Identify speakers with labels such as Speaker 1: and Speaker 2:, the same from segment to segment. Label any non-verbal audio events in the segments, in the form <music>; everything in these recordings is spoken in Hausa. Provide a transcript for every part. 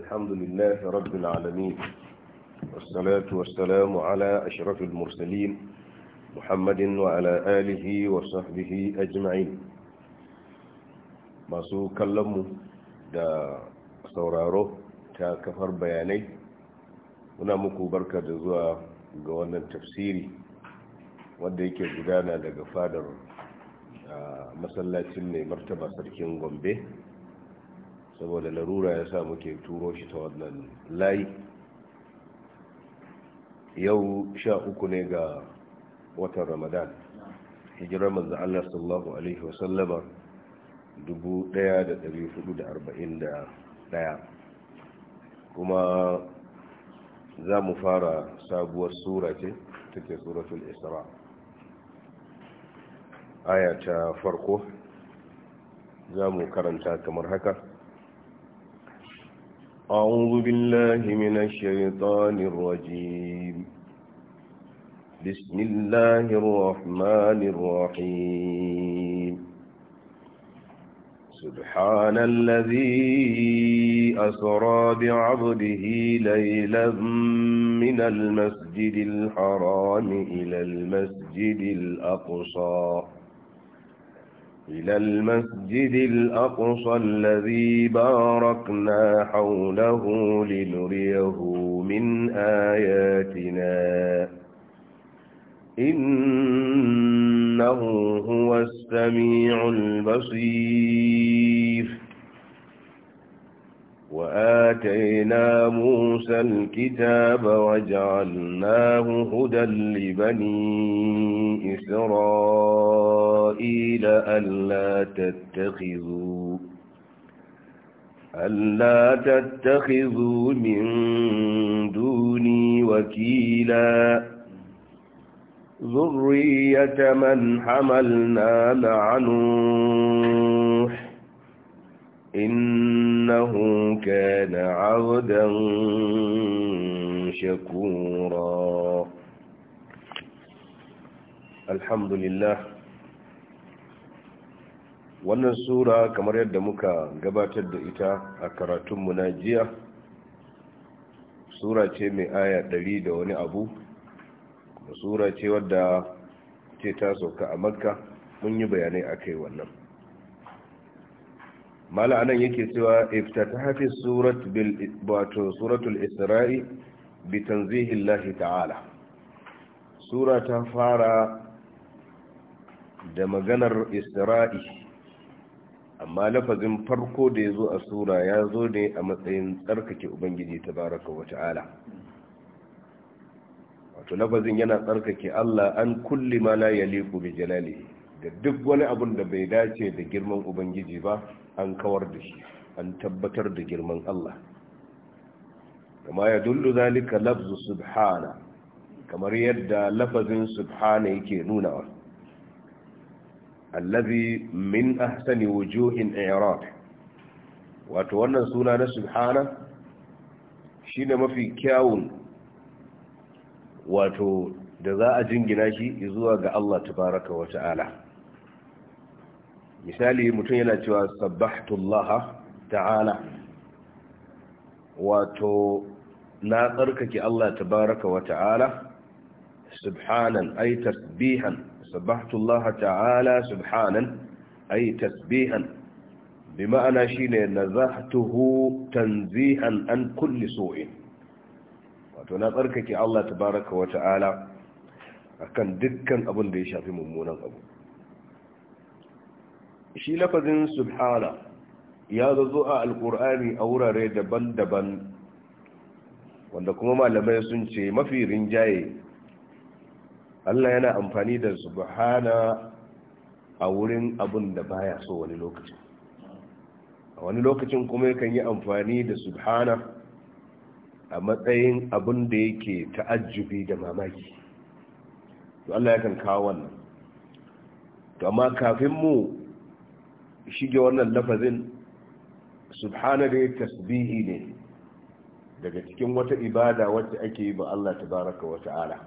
Speaker 1: الحمد لله رب العالمين والصلاة والسلام mursalin muhammadin المرسلين محمد وعلى آله وصحبه أجمعين masu kallonmu da sauraro ta kafar bayanai muna muku barka da zuwa ga wannan tafsiri wanda yake gudana daga fadar masallacin mai martaba sarkin gombe saboda larura ya sa muke turo shi ta wannan layi yau sha uku ne ga watan ramadan hijirar manzan allah sallallahu alaihi wasallama 1441 kuma za mu fara sabuwar sura ce take suratul isra aya ta farko za mu karanta kamar haka أعوذ بالله من الشيطان الرجيم بسم الله الرحمن الرحيم سبحان الذي أسرى بعبده ليلا من المسجد الحرام إلى المسجد الأقصى إلى المسجد الأقصى الذي باركنا حوله لنريه من آياتنا إنه هو السميع البصير وآتينا موسى الكتاب وجعلناه هدى لبني إسرائيل ألا تتخذوا ألا تتخذوا من دوني وكيلا ذرية من حملنا مع نوح إن إنه كان عبدا شكورا الحمد لله wannan sura kamar yadda muka gabatar da ita a karatunmu na jiya sura ce mai aya ɗari da wani abu sura ce wadda ce ta sauka a makka mun yi bayanai akai wannan mala anan yake cewa iftatahafi surat bil wato suratul isra'i bi llahi ta'ala sura ta fara da maganar isra'i amma lafazin farko da yazo zo a sura ya zo ne a matsayin tsarkake ubangiji tabaraka wa ta'ala wato lafazin yana tsarkake allah an kulli ma la yaliku bi jalalihi da duk wani abun da bai dace da girman ubangiji ba an kawar da shi an tabbatar da girman Allah kama ya dullu zalika lafzu subhana kamar yadda lafazin subhana yake nunawa allazi min ahsani wujuhin i'rab wato wannan suna na subhana shine mafi kyawun wato da za a jingina shi zuwa ga Allah tabaraka wa ta'ala misali mutum yana cewa sabbahtullah ta'ala wato na tsarkake Allah tabaraka wa ta'ala subhanan ay tasbihan sabbahtullah ta'ala subhanan ay tasbihan bima'ana shine nazahtuhu tanzihan an kulli su'in wato na tsarkake Allah tabaraka wa ta'ala akan dukkan abin da ya shafi mummunan abu shi lafazin subhana ya zazo a alkur'ani a wurare daban-daban wanda kuma malamai sun ce mafi rinjaye Allah yana amfani da subhana a wurin abin da baya so wani lokacin a wani lokacin kuma yakan yi amfani da subhana a matsayin abin da yake ta'ajjubi da mamaki to Allah ya kan kawo wannan to amma kafin mu shige wannan lafazin subhana dai tasbihi ne daga cikin wata ibada wacce ake yi ba Allah tabaraka wa ta'ala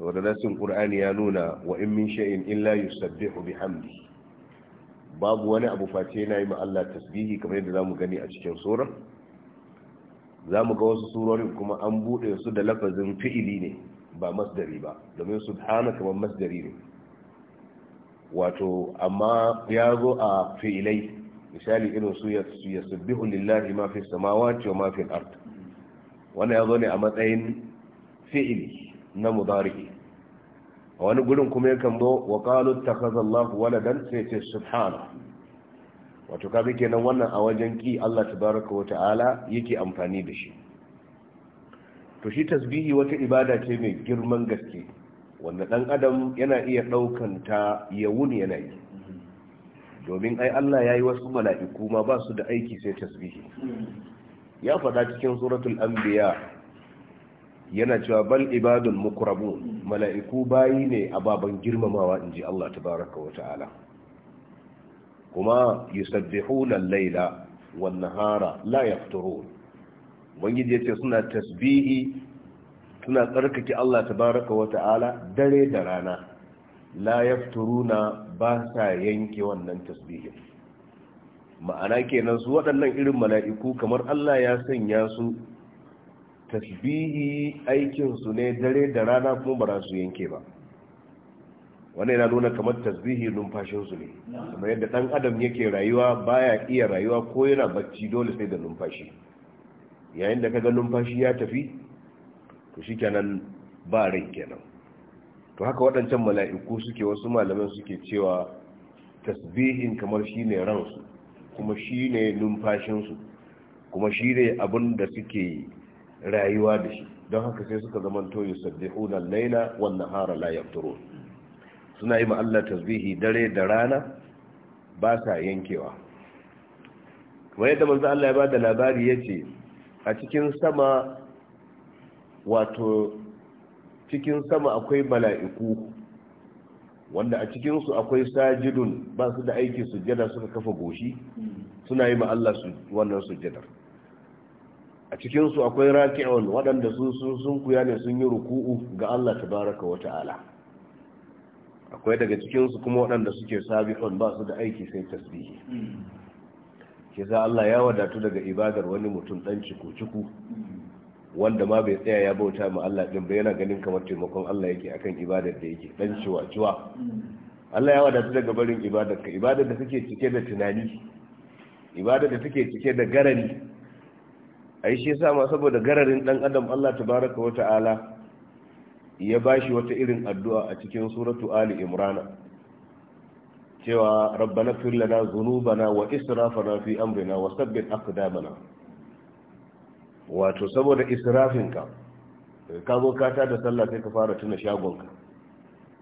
Speaker 1: wanda nasin qur'ani ya nuna wa in min shay'in illa yusabbihu bihamdi babu wani abu face yana yi ma Allah tasbihi kamar yadda zamu gani a cikin sura zamu ga wasu surorin kuma an bude su da lafazin fi'ili ne ba masdari ba domin subhana kamar masdari ne wato amma ya zo a fi'ilai misali irin su ya subbihu lillahi ma fi samawati wa ma fi ya zo ne a matsayin fi'ili na mudari a wani gurin kuma yakan zo wa qalu takhadha Allah waladan sai ce subhana wato kaga kenan wannan a wajen ki Allah tabaraka wa ta'ala yake amfani da shi to shi tasbihi wata ibada ce mai girman gaske wanda ɗan adam yana iya ɗaukan ta ya wuni yana yi domin ai Allah ya yi wasu mala'iku ma ba su da aiki sai tasbihi ya faɗa cikin suratul anbiya yana cewa bal ibadul mukurabu mala'iku bayi ne a baban girmamawa in ji Allah tabaraka wa ta'ala kuma yusabbihuna al-laila wan nahara la yafturun ya ce suna tasbihi suna tsarkake Allah tabaraka wa ta'ala dare da rana la yafturuna ba sa yanke wannan tasbihin ma'ana kenan su waɗannan irin mala'iku kamar Allah ya sanya su tasbihi aikinsu ne dare da rana kuma ba su yanke ba wannan yana nuna kamar tasbihi numfashinsu ne kamar yadda ɗan adam yake rayuwa baya iya rayuwa ko yana bacci dole sai da numfashi yayin da kaga numfashi ya tafi to kenan ba rai kenan to haka waɗancan mala'iku suke wasu malaman suke cewa tasbihin kamar shi ne ransu kuma shi ne numfashinsu kuma shi ne abin da suke rayuwa da shi don haka sai suka zamanto yusabbihuna na laila wannan hara la turo suna yi ma tasbihi dare da rana ba sa yankewa kuma yadda manzo Allah ya ba da labari ya ce a cikin sama wato cikin sama akwai mala'iku wanda a cikinsu akwai sajidun ba su da aiki sujjada suka kafa goshi suna yi ma Allah wannan sujjadar a cikinsu akwai raki'un waɗanda sun sun kuya ne sun yi ruku'u ga Allah tabaraka wa ta'ala akwai daga cikinsu kuma waɗanda suke sabiqun ba su da aiki sai tasbihi za hmm. Allah ya wadatu daga ibadar wani mutum dan ciku ciku hmm. wanda ma bai tsaya ya bauta ma Allah din ba yana ganin kamar taimakon Allah yake akan ibadar da yake dan ciwa ciwa Allah ya wadatu daga barin ibadar ka ibadar da take cike da tunani ibadar da take cike da garari ai shi yasa ma saboda gararin dan adam Allah tabaraka wa ta'ala ya bashi wata irin addu'a a cikin suratu ali imrana cewa rabbana fir lana dhunubana wa israfana fi amrina wa sabbit aqdamana wato saboda israfin ka zo ka ta da sallah sai ka fara tuna shagonka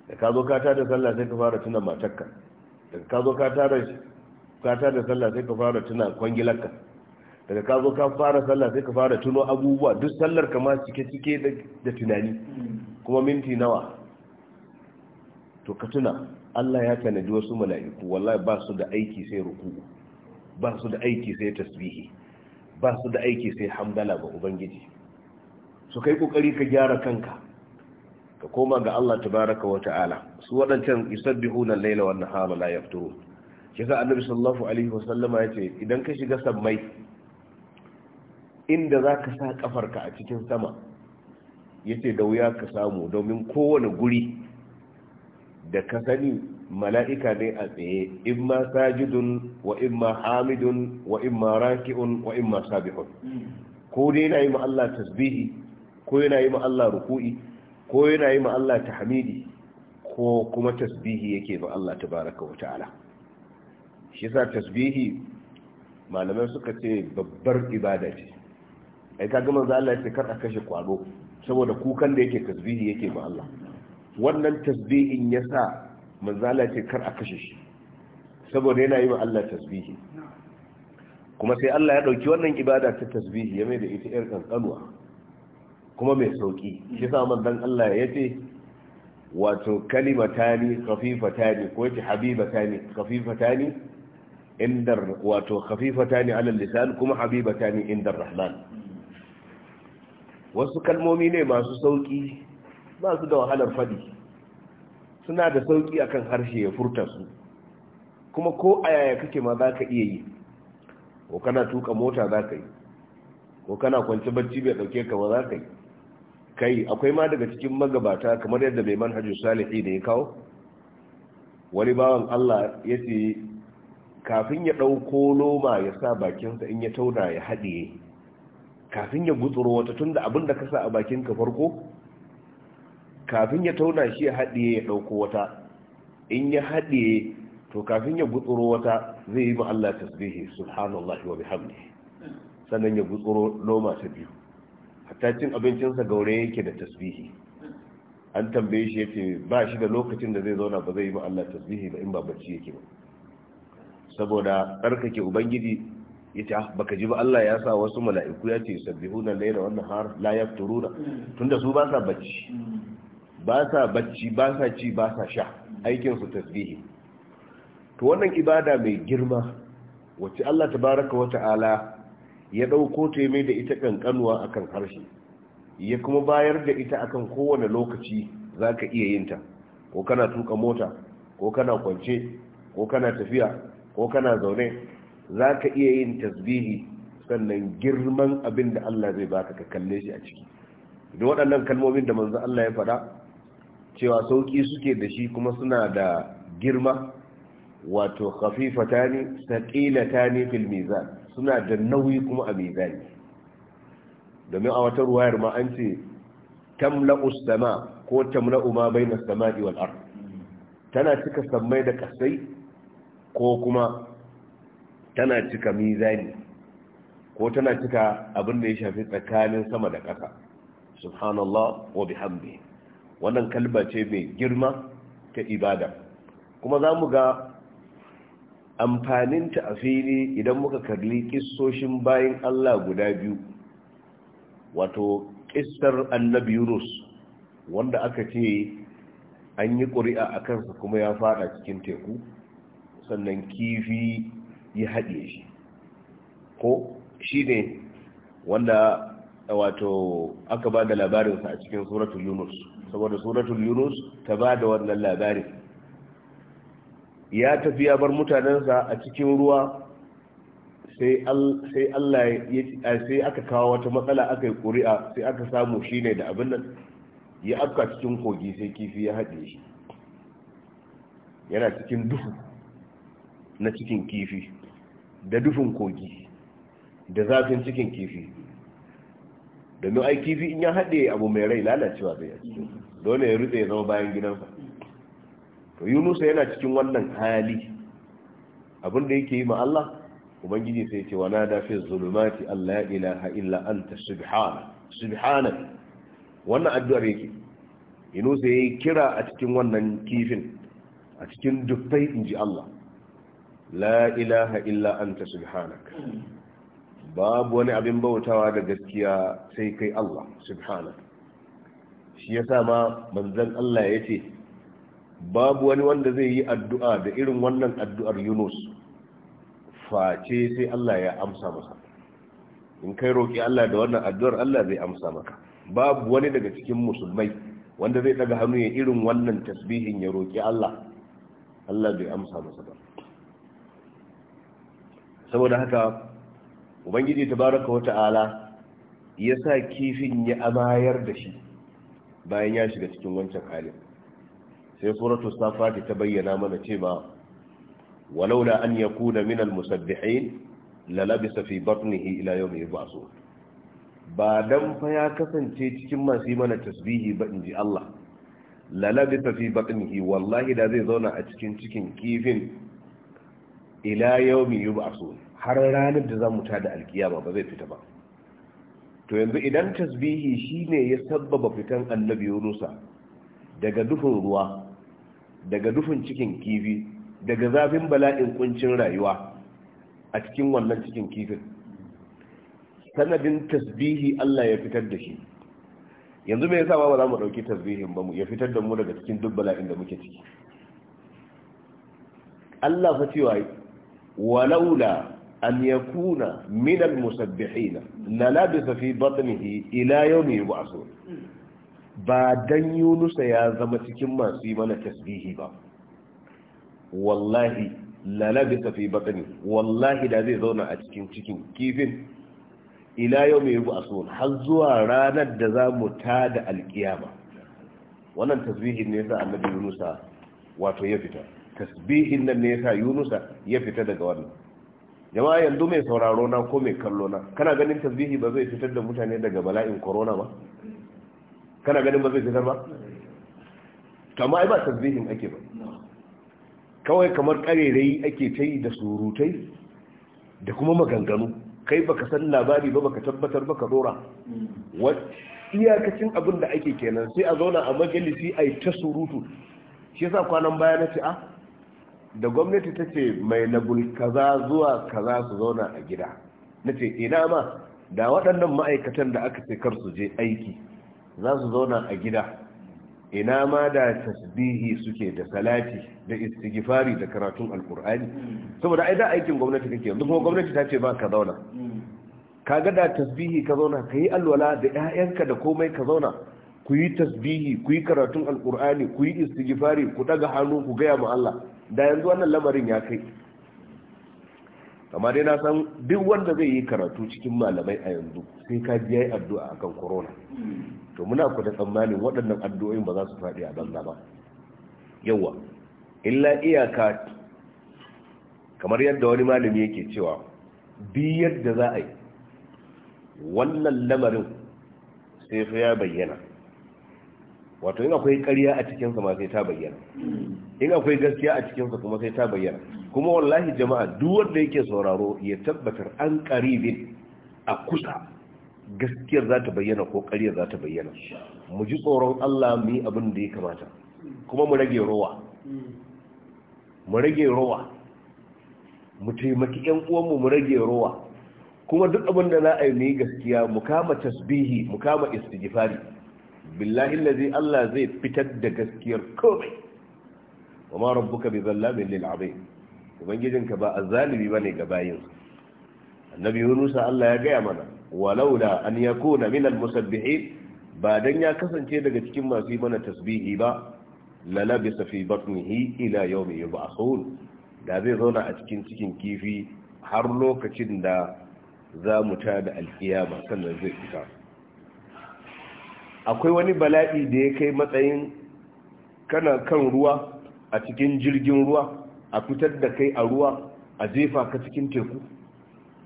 Speaker 1: da ka zo ka ta da sallah sai ka fara tuna matarka da ka zo ka ta da sallah sai ka fara tuna kwangilarka daga ka zo ka fara sallah sai ka fara tuno abubuwa duk sallar ka ma cike-cike da tunani kuma minti nawa to ka tuna Allah ya tanadi wasu mala'iku wallahi ba su da aiki sai ruku ba su da aiki sai tasbihi ba su da aiki sai hamdala ga ubangiji su kai kokari ka gyara kanka ka koma ga Allah tabaraka wa ta'ala su waɗancan yusabbihuna al-laila wan nahara la yafturun kiza annabi sallallahu alaihi wa sallama yace idan ka shiga sammai inda za ka sa kafarka a cikin sama yace da wuya ka samu domin kowane guri da ka sani mala'ika ne a tsaye in ma sajidun wa in ma hamidun wa in ma raki'un wa in ma sabihun ko dai yana yi ma Allah tasbihi ko yana yi ma ruku'i ko yana yi ma Allah tahmidi ko kuma tasbihi yake ba Allah baraka wa ta'ala shi sa tasbihi malamai suka ce babbar ibada ce ai gama za Allah ya ce kar a kashe kwado saboda kukan da yake tasbihi yake ba Allah wannan tasbihin sa. manzala ce kar a kashe shi saboda yana yi wa Allah tasbihi kuma sai Allah ya dauki wannan ibada ta tasbihi ya mai da ita yar kankanuwa kuma mai sauki shi sa manzon Allah ya ce wato kalimatani khafifatani ko yace habibatani khafifatani inda wato khafifatani ala lisan kuma habibatani indar rahman wasu kalmomi ne masu sauki ba su da wahalar fadi suna da sauƙi akan harshe ya furta su kuma ko a yaya kake ma za ka iya yi ko kana tuka mota za ka yi ko kana kwanci bacci bai dauke ka ba za ka yi kai akwai ma daga cikin magabata kamar yadda mai manhajin salihi da ya kawo wani bawan allah ya ce kafin ya ɗauko noma ya sa bakinsa in ya tauna ya haɗiye kafin ya gutsuro wata tunda da abin da ka sa a bakinka farko kafin ya tauna shi ya haɗiye ya ɗauko wata in ya haɗiye to kafin ya gutsuro wata zai yi ma Allah tasbihi subhanallah wa bihamdi sannan ya gutsuro noma ta biyu hatta cin abincinsa gaure yake da tasbihi an tambaye shi ya ce ba shi da lokacin da zai zauna ba zai yi ma Allah tasbihi ba in ba bacci yake ba saboda tsarkake ubangiji yace ah, baka ji ba Allah ya sa wasu mala'iku ya ce, sabbihuna layla wannan har la yafturuna tunda su ba sa bacci ba sa bacci ba sa ci ba sa sha aikinsu tasbihi to wannan ibada mai girma wacce Allah tabaraka wa ta'ala ya ɗauko ta mai da ita ƙanƙanuwa akan harshe ya kuma bayar da ita akan kowane lokaci za ka iya yin ta ko kana tuka mota ko kana kwance ko kana tafiya ko kana zaune za ka iya yin tasbihi sannan girman abin da Allah zai baka ka kalle shi a ciki da waɗannan kalmomin da manzo Allah ya faɗa cewa sauƙi suke da shi kuma suna da girma wato khafifata ne saƙilata ne fil mizan suna da nauyi kuma a mizani domin a wata ruwayar ma an ce tamla'u sama ko tamla'u ma bainas sama'i walar tana cika sammai da kasai ko kuma tana cika mizani ko tana cika abin da ya shafi tsakanin sama da ƙasa subhanallah wa bihamdihi wannan kalba ce mai girma ta ibada kuma za mu ga amfaninta a fili idan muka karli kissoshin bayan Allah guda biyu wato kissar annabi Yunus wanda aka ce an yi ƙuri'a a kansa kuma ya fada cikin teku sannan kifi ya haɗe shi ko shi ne wanda wato aka ba da labarinsa a cikin suratul Yunus saboda suratul yunus ta ba da wannan labari ya tafi ya bar mutanensa a cikin ruwa sai allah sai aka kawo wata matsala aka yi ƙuri'a sai aka samu shi ne da abin nan ya afka cikin kogi sai kifi ya haɗe shi yana cikin duhu na cikin kifi da dufin kogi da zafin cikin kifi domin ai kifi in ya haɗe abu mai rai lalacewa zai cikin dole ya rutse ya zama bayan gidansa to yunusa yana cikin wannan hali abin da yake yi ma Allah ubangiji sai ce wa nada fi zulumati Allah ya ilaha illa anta subhana subhana wannan addu'ar yake yunusa yayi kira a cikin wannan kifin a cikin dubbai inji Allah la ilaha illa anta subhanaka babu wani abin bautawa da gaskiya sai kai Allah Subhana. shi yasa ma manzon Allah ya ce babu wani wanda zai yi addu'a da irin wannan addu'ar Yunus face sai Allah ya amsa masa in kai roki Allah da wannan addu'ar Allah zai amsa maka babu wani daga cikin musulmai wanda zai daga hannu ya irin wannan tasbihin ya roki Allah Allah zai amsa masa ba saboda haka ubangiji tabaraka wa ta'ala ya sa kifin ya amayar da shi bayan ya shiga cikin wancan halin sai suratu safati ta bayyana mana cewa walaula an yakuna min almusabbihin lalabisa fi batnihi ila yawmi yub'asu ba dan fa ya kasance cikin masu yi mana tasbihi ba inji Allah lalabisa fi batnihi wallahi da zai zauna a cikin cikin kifin ila yawmi yub'asu har ranar da za mu da alkiyama ba zai fita ba to yanzu idan tasbihi shine ya sabbaba fitan annabi yunusa daga dufin ruwa daga dufin cikin kifi daga zafin bala'in kuncin rayuwa a cikin wannan cikin kifin sanadin tasbihi Allah ya fitar da shi yanzu me yasa ba za mu ɗauki tasbihin ba mu ya fitar da mu daga cikin duk bala'in da muke ciki Allah fa cewa walaula an yakuna min al-musabbihina la labisa fi batnihi ila yawmi yub'athun ba dan Yunusa ya zama cikin masu mana tasbihi ba wallahi la labisa fi batni da zai zauna a cikin kifin ila har zuwa ranar da za mu tada alkiyama wannan tasbihin ne sa annabi Yunusa wato ya fita tasbihin nan ne Yunusa ya fita daga wannan jama'a yanzu mai sauraro na ko mai kallo na kana ganin tasbihi ba zai fitar da mutane daga bala'in corona ba kana ganin ba zai fitar ba amma ai ba tasbihin ake ba kawai kamar karerai ake ta yi da surutai da kuma maganganu kai baka san labari ba baka tabbatar baka dora iyakacin abin da ake kenan sai a zauna a majalisi a yi ta surutu shi yasa kwanan baya na ci a ah, da gwamnati ta ce mai labul kaza zuwa kaza su zauna a gida na ce ina ma da waɗannan ma'aikatan da aka ce kar su je aiki za su zauna a gida ina ma da tasbihi suke da salati da istighfari da karatun alkur'ani saboda ai da aikin gwamnati kake yanzu kuma gwamnati ta ce ba ka zauna ka ga da tasbihi ka zauna ka yi alwala da 'ya'yanka da komai ka zauna ku yi tasbihi ku yi karatun alkur'ani ku yi istighfari ku daga hannu ku gaya ma Allah da yanzu wannan lamarin ya kai amma dai san duk wanda zai yi karatu cikin malamai a yanzu sai ka biya yi addu'a a kan korona, to muna ku da tsammanin waɗannan addu'o'in ba za su faɗi a banza ba yawa illa iyaka kamar yadda wani malami yake cewa biyar da za a yi wannan lamarin sai ya bayyana wato in akwai ƙarya a cikinsa ma sai ta bayyana in akwai gaskiya a cikinsa kuma sai ta bayyana kuma wallahi jama'a duk wanda yake sauraro ya tabbatar an ƙaribin a kusa gaskiyar za ta bayyana ko ƙaryar za ta bayyana mu ji tsoron Allah mu yi abin da ya kamata kuma mu rage rowa mu rage rowa mu taimaki ƴan uwanmu mu rage rowa kuma duk abin da na aini gaskiya mu kama tasbihi mu kama istighfari billahi allazi Allah zai fitar da gaskiyar komai wa ma rabbuka bi zallamin lil abid ubangijinka ba azzalimi bane ga bayin annabi yunus Allah ya gaya mana walaula an yakuna min al musabbihin ba dan ya kasance daga cikin masu yi mana tasbihi ba lalabisa fi batnihi ila yawmi yub'athun da zai zauna a cikin cikin kifi har lokacin da za mu ta da alkiyama sannan zai fita akwai wani bala'i da ya kai matsayin kana kan ruwa a cikin jirgin ruwa a fitar da kai a ruwa a jefa ka cikin teku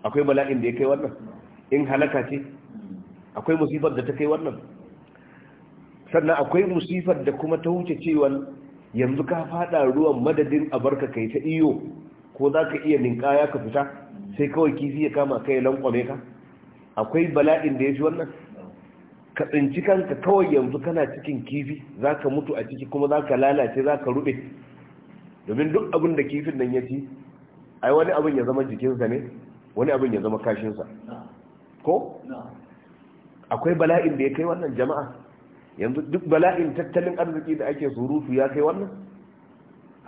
Speaker 1: akwai bala'in da ya kai wannan in halaka ce akwai musifar da ta kai wannan sannan akwai musifar da kuma ta wuce cewa yanzu ka fada ruwan madadin a barka kai ta iyo ko za ka iya ninkaya ka fita sai kawai kifi ya kama kai lankwame ka akwai bala'in da ya fi wannan ka tsinci kanka kawai yanzu kana cikin kifi za ka mutu a ciki kuma za ka lalace za ka rube domin duk abin da kifin nan ya ci ai wani abin ya zama jikinsa ne wani abin ya zama kashinsa ko? akwai bala'in da ya kai wannan jama'a yanzu duk bala'in tattalin arziki da ake surutu ya kai wannan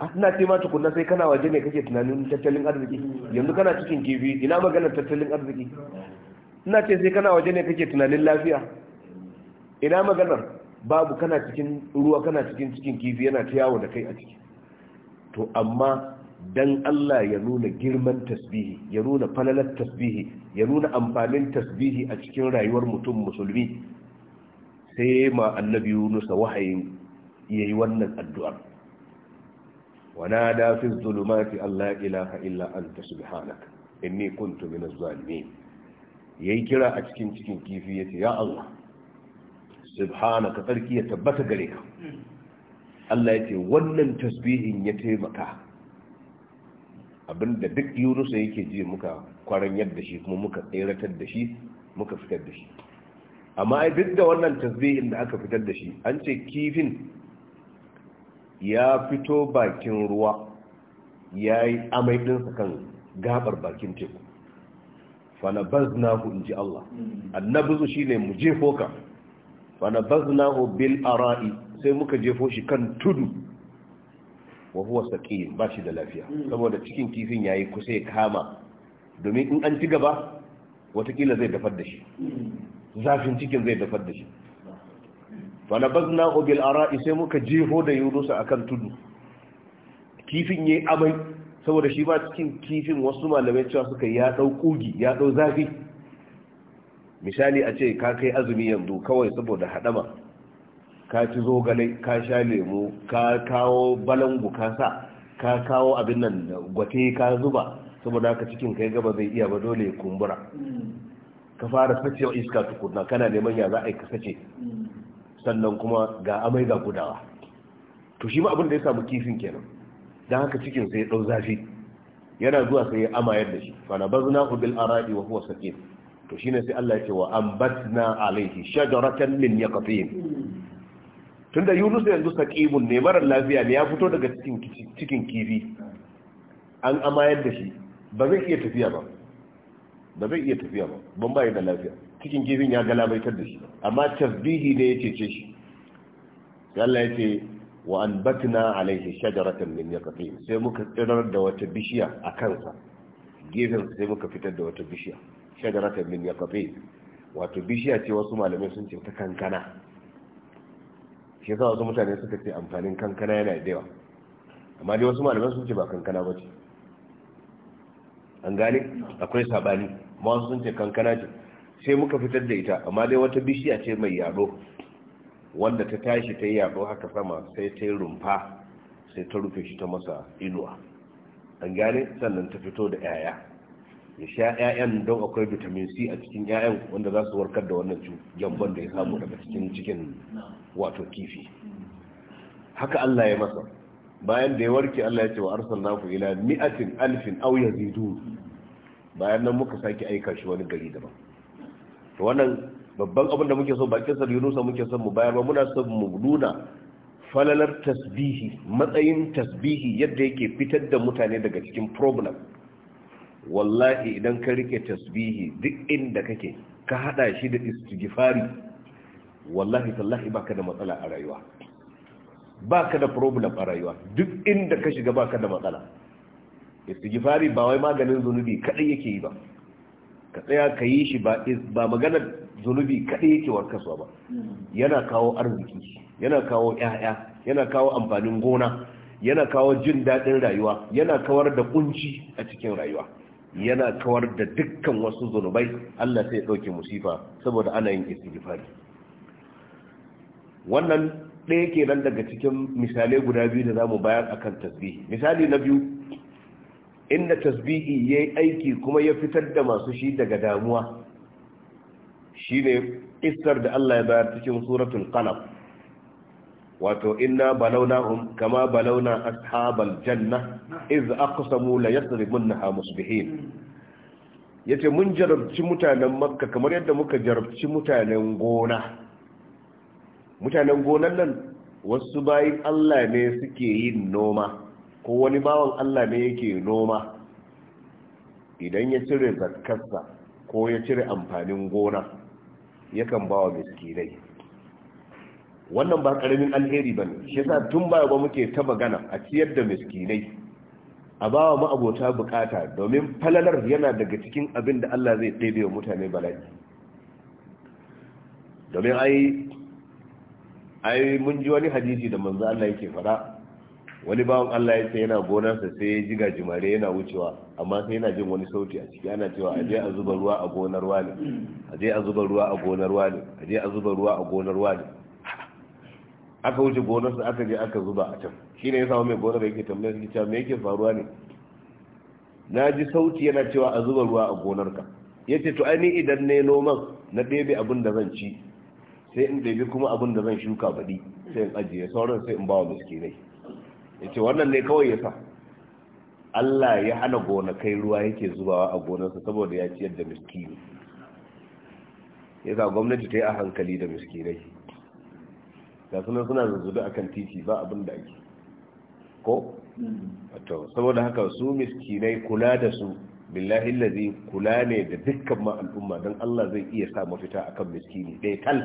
Speaker 1: ah, na ce ma tukunna sai kana waje ne kake tunanin tattalin arziki yanzu kana cikin kifi ina maganar tattalin arziki ina ce sai kana waje ne kake tunanin lafiya ina maganar babu kana cikin ruwa kana cikin cikin kifi yana ta yawo da kai a ciki to amma dan Allah ya nuna girman tasbihi ya nuna falalar tasbihi ya nuna amfanin tasbihi a cikin rayuwar mutum musulmi sai ma annabi Yunus wahayin yayi wannan addu'ar wanada fi zulumati Allah ilaha illa anta subhanaka inni kuntu minaz zalimin yayi kira a cikin cikin kifi yace ya Allah subhanaka sarki ya tabbata gare ka Allah ya ce wannan tasbihin ya taimaka abinda duk yunusa yake ji muka kwaran yadda shi kuma muka tseratar da shi muka fitar da shi amma ai duk da wannan tasbihin da aka fitar da shi an ce kifin ya fito bakin ruwa ya yi amai dinsa kan gabar bakin teku fana bazna in ji Allah hmm. annabizu shine mu jefo ka wana baznahu bil ara'i sai muka jefo shi kan tudu wa huwa saqim ba shi da lafiya hmm. saboda cikin kifin yayi kusa ya kama domin in an ci gaba watakila zai dafar da shi hmm. zafin cikin zai dafar da shi wana baznahu bil ara'i sai muka jefo da a akan tudu kifin yayi amai saboda shi ba cikin kifin wasu malamai cewa suka ya dau kugi ya dau zafi misali a ce ka kai azumi yanzu kawai saboda hadama ka ci zogale ka sha lemu ka kawo balangu ka sa ka kawo abin nan gwate ka zuba saboda haka cikin kai gaba zai iya ba dole kumbura ka fara sacewa iska tukuna kana neman ya za a yi ka sace sannan kuma ga amai ga gudawa to shi ma abin da ya samu kifin kenan don haka cikin sai ya dau zafi yana zuwa sai ya amayar da shi fana bazna ubil ara'i wa huwa sakin to shine sai Allah ya ce wa ambatna alaihi shajaratan min yaqtin tunda Yunus yanzu saqimun ne marar lafiya ne ya fito daga cikin cikin kifi an amayar da shi ba zai iya tafiya ba ba zai iya tafiya ba ban bai da lafiya cikin kifin ya galabaitar da shi amma tasbihi ne ya cece shi sai Allah ya ce wa anbatna alaihi shajaratan min yaqtin sai muka tsirar da wata bishiya a kansa gefen sai muka fitar da wata bishiya shajaratan min yaqtin wato bishiya ce wasu malamai sun ce ta kankana shi yasa wasu mutane suka ce amfanin kankana yana da yawa amma dai wasu malamai sun ce ba kankana ba ce an gane akwai sabani amma wasu sun ce kankana ce sai muka fitar da ita amma dai wata bishiya ce mai yado wanda ta tashi ta yi yado haka sama sai ta yi rumfa sai ta rufe shi ta masa inuwa an gane sannan ta fito da 'ya'ya ya sha 'ya'yan don akwai vitamin c a cikin 'ya'yan wanda za su warkar da wannan gyambon da ya samu daga cikin cikin wato kifi haka allah ya masa bayan da ya warke allah ya ce wa naku ila mi'atin alfin aw yazidun bayan nan muka sake aika shi wani gari daban to wannan babban abin da muke so bakin sa yunusa muke son mu bayar ba muna son mu nuna falalar tasbihi matsayin tasbihi yadda yake fitar da mutane daga cikin problem wallahi idan ka rike tasbihi duk inda kake ka hada shi da istighfari wallahi tallahi baka da matsala a rayuwa baka da problem a rayuwa duk inda ka shiga baka da matsala istighfari ba wai maganin zunubi kadai yake yi ba ka tsaya ka yi shi ba ba maganar zunubi kadai yake warkaswa ba yana kawo arziki yana kawo ƴaƴa yana kawo amfanin gona yana kawo jin daɗin rayuwa yana kawar da kunci a cikin rayuwa yana kawar da dukkan wasu zunubai Allah sai ya dauke musifa saboda ana yin istighfari wannan ɗaya kenan daga cikin misalai guda biyu da zamu bayar akan tasbihi misali na biyu inda tasbihi yayi aiki kuma ya fitar da masu shi daga damuwa shine istar da Allah ya bayar cikin suratul qalam wato inna Balauna kama balawna ashabal janna iz aqsamu la yasrimunha musbihin yace mun jarabci mutanen makka kamar yadda muka jarabci mutanen gona mutanen gonan nan wasu bayin Allah ne suke yin noma ko wani bawan Allah ne yake noma idan ya cire zakkarsa ko ya cire amfanin gona yakan bawa miskinai wannan ba karamin alheri ba ne shi sa tun baya ba muke ta magana a ciyar da miskinai a bawa ma'abota bukata domin falalar yana daga cikin abin da Allah zai ɗebe wa mutane bala'i domin ai mun ji wani hadisi da manzo Allah yake fara wani bawan Allah ya ce yana gonarsa sai ya ji gajimare yana wucewa amma sai yana jin wani sauti a ciki ana cewa aje a zuba ruwa a gonar wani aje a zuba ruwa a gonar wani aje a zuba ruwa a gonar wani aka wuce gonarsa aka je aka zuba a can Shi ne ya samu mai gonar da yake tambayar shi cewa me yake faruwa ne na ji sauti yana cewa a zuba ruwa a gonarka ya ce to ainihin idan ne noman na ɗebe abin da zan ci sai in ɗebi kuma abin da zan shuka baɗi sai in ajiye sauran sai in bawa miskinai ya ce wannan ne kawai ya sa Allah ya hana kai ruwa yake zubawa a gonarsa saboda ya ciyar da miskini ya sa gwamnati ta yi a hankali da miskinai ga sunan suna zazzabi akan titi ba abin da ake ko wato saboda haka su miskinai kula da su billahi lazi kula ne da dukkan ma al'umma don Allah zai iya sa mafita akan miskini ɗaya tal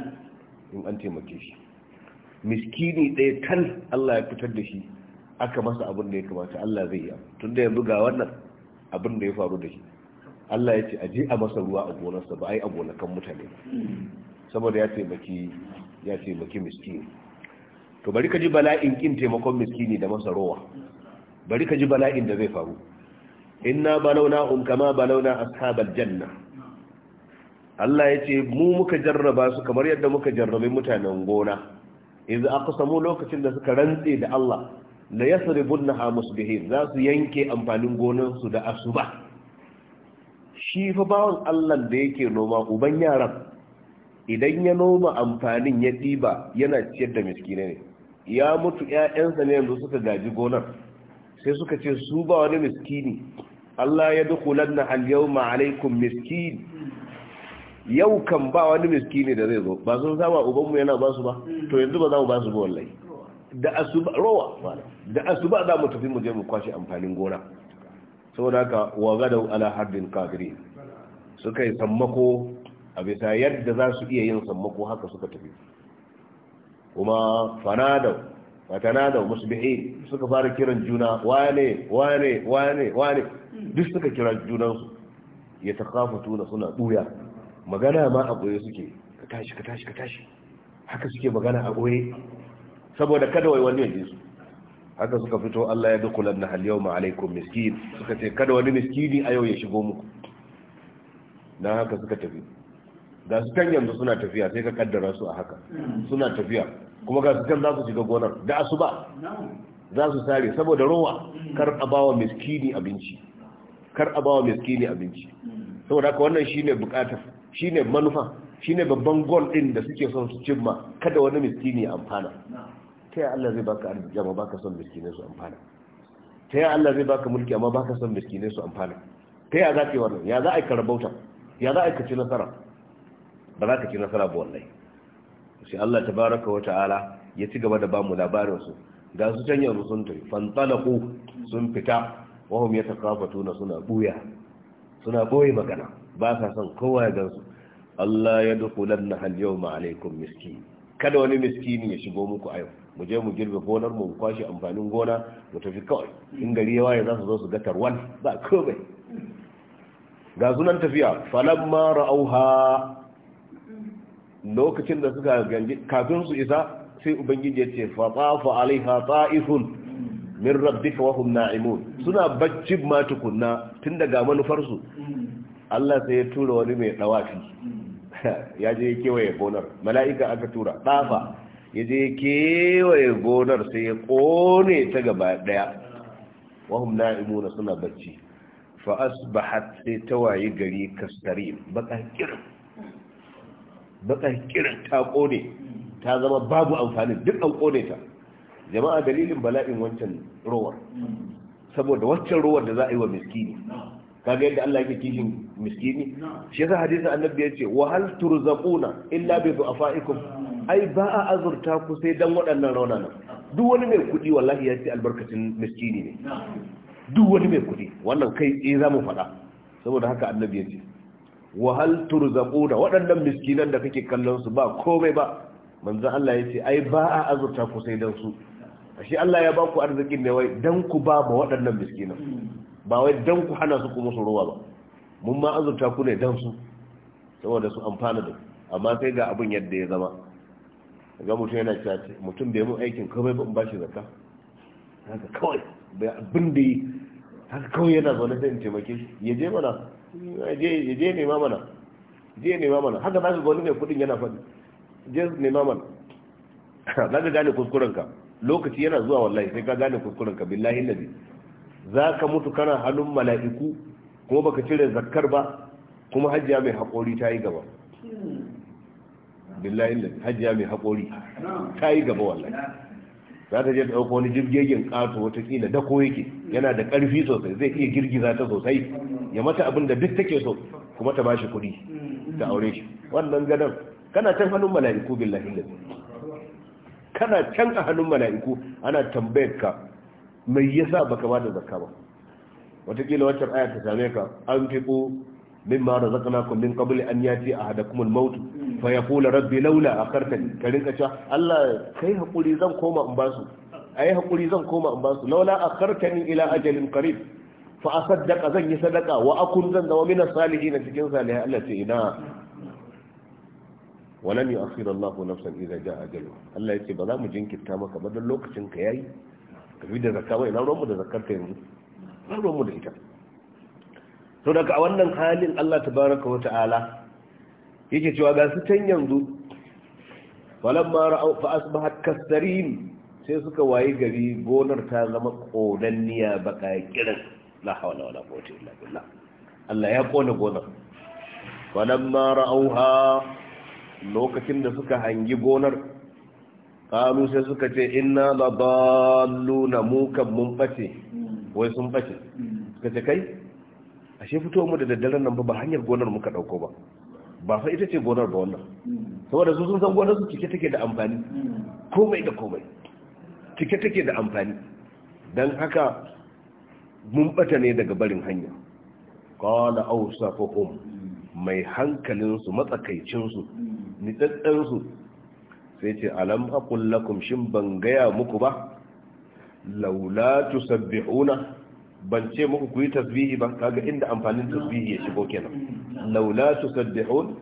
Speaker 1: in an taimake shi miskini ɗaya tal Allah ya fitar da shi aka masa abin da ya kamata Allah zai yi tun da yanzu ga wannan abin da ya faru da shi Allah ya ce aje a masa ruwa a gonarsa ba a yi a gonakan mutane saboda ya taimaki ya taimaki miskini to bari ka ji bala'in kin taimakon miskini da masarowa bari ka ji bala'in da zai faru inna balauna hum kama balauna ashabal janna Allah ya ce mu muka jarraba su kamar yadda muka jarrabe mutanen gona idza aqsamu lokacin da suka rantse da Allah la yasribunha musbihin za su yanke amfanin gonan su da asuba shi fa bawon Allah da yake noma uban yaran idan ya noma amfanin ya ɗiba yana ciyar da miskina ne ya mutu 'ya'yansa ne yanzu suka gaji gonar sai suka ce su ba wani miskini Allah ya dukulan na alyawma alaikum miskini yau kan ba wani miskini da zai zo ba sun sama ubanmu yana ba su ba to yanzu ba za mu ba su ba wallahi da asuba rowa da asuba za mu tafi mu je mu kwashe amfanin gona saboda haka wa gadau ala harbin kadiri suka yi sammako a bisa yadda za su iya yin sammako haka suka tafi kuma fanadau fatanadau musbihi suka fara kiran juna wane wane wane wane duk suka kira junansu ya kafa tuna suna ɓuya magana ma a ɓoye suke ka tashi ka tashi ka tashi haka suke magana a ɓoye saboda kada wai wani yanzu su haka suka fito Allah ya dukula na ma ma'alaikun miskin suka ce kada wani miskini a yau ya shigo muku na haka suka tafi ga su kan yanzu suna tafiya sai ka kaddara su a haka suna tafiya kuma ga su kan za su shiga gonar da ba. za su sare saboda rowa kar a bawa miskini abinci kar a bawa miskini abinci saboda haka wannan shine bukatar shine manufa shine babban gol din da suke son su cimma kada wani miskini ya amfana ta ya Allah zai baka arziki amma baka son miskini su amfana ta ya Allah zai baka mulki amma baka son miskini su amfana ta ya za ka yi wannan ya za a yi karabauta ya za a yi kaci nasara ba za ka ci nasara ba wallahi shi Allah tabaraka wa ta'ala ya ci gaba da bamu labarin su ga su can yanzu sun tafi fantalaku sun fita wa hum na suna buya suna boye magana ba sa son kowa ya gansu Allah ya na hal yawma alaikum miskin kada wani miskini ya shigo muku a yau mu je mu girbe gonar mu kwashe amfanin gona mu tafi kawai in gari ya waye za su zo su ga tarwan ba komai ga sunan tafiya falamma ra'auha lokacin da suka gangi kafin su isa sai ubangiji ya ce fatafa alaiha ta'ifun min rabbika wa hum na'imun suna bacci ma tukunna tun daga manufar su Allah sai ya tura wani mai dawafi <laughs> ya je kewaye gonar mala'ika aka tura dafa ya je kewaye gonar sai ya kone ta gaba daya wa hum na'imun suna bacci fa asbahat sai tawayi gari kastarin baka kirin bakar kiran ta kone ta zama babu amfani duk an kone ta jama'a dalilin bala'in wancan rowar saboda wancan rowar da za a yi wa miskini kaga yadda Allah yake kishin miskini shi yasa hadisi annabi ya ce wa hal turzaquna illa bi du'afaikum ai ba a azurta ku sai dan waɗannan nan. duk wani mai kuɗi wallahi ya ce albarkacin miskini ne duk wani mai kuɗi wannan kai eh za mu faɗa saboda haka annabi yace wahal turzaquna waɗannan miskinan da kake kallon su ba komai ba manzo Allah yace ai ba a azurta ku sai dan su ashe Allah ya ba ku arzikin ne wai dan ku ba ba waɗannan miskinan ba wai dan ku hana su kuma su ruwa ba mun ma azurta ku ne dan su saboda su amfana da amma sai ga abun yadda ya zama ga mutum yana cewa mutum bai mun aikin komai ba in ba shi zakka haka kawai bai abin da yi haka kawai yana zaune sai in taimake shi ya je mana je ma mana je ma mana haka za ka ga wani mai kudin yana faɗi je ma mana na <laughs> ka gane ka lokaci yana zuwa wallahi sai ka gane ka billahi nabi za ka mutu kana hannun mala'iku kuma baka cire zakkar ba kuma hajjiya mai haƙori ta yi gaba billahi nabi hajjiya mai haƙori ta yi gaba wallahi za ta je ta ɗauko wani jirgin ƙato watakila da ko yake yana da ƙarfi sosai zai iya girgiza ta sosai ya mata abin da duk take so kuma ta bashi kuɗi ta aure shi wannan gadon kana can hannun mala'iku billahi lazi kana can a hannun mala'iku ana tambayar ka mai yasa baka ba da zakka ba watakila waccan aya ta same ka an min mimma razaqnakum min qabli an yati ahadakum al-maut fa yaqulu rabbi laula akhartani ka rinka cewa Allah kai hakuri zan koma in basu ai hakuri zan koma in basu laula akhartani ila ajalin qarib fa saddaka zan yi sadaka wa akun zan zama Salihi na cikin salihi Allah ce ina walam yu'akhir Allahu nafsan idza jaa ajaluha Allah yace ba za mu jinkirta maka ba dan lokacin ka yayi ka bi da zakka ba ina ruwan mu da zakkarta ka yanzu ina ruwan mu da ita to daga a wannan halin Allah baraka wa ta'ala yake cewa ga su can yanzu falamma ra'aw fa asbahat kasarin sai suka wayi gari gonar ta zama kodanniya baka kiran la hawla wala quwwata illa billah Allah ya kona gonar falamma ra'awha lokacin da suka hangi gonar qalu sai suka ce inna ladalluna mu kan mun bace wai sun bace suka ce kai ashe fito mu da daddaren nan ba ba hanyar gonar muka dauko ba ba fa ita ce gonar ba wannan saboda su sun san gonar su cike take da amfani komai da komai cike take da amfani dan haka mun bata ne daga barin hanya qala awsafuhum mai hankalinsu matsakaicinsu nitsatsensu sai ce alam aqul lakum shin ban gaya muku ba laula tusabbihuna ban ce muku ku yi tasbihi ba kaga inda amfanin tasbihi ya shigo kenan laula tusabbihun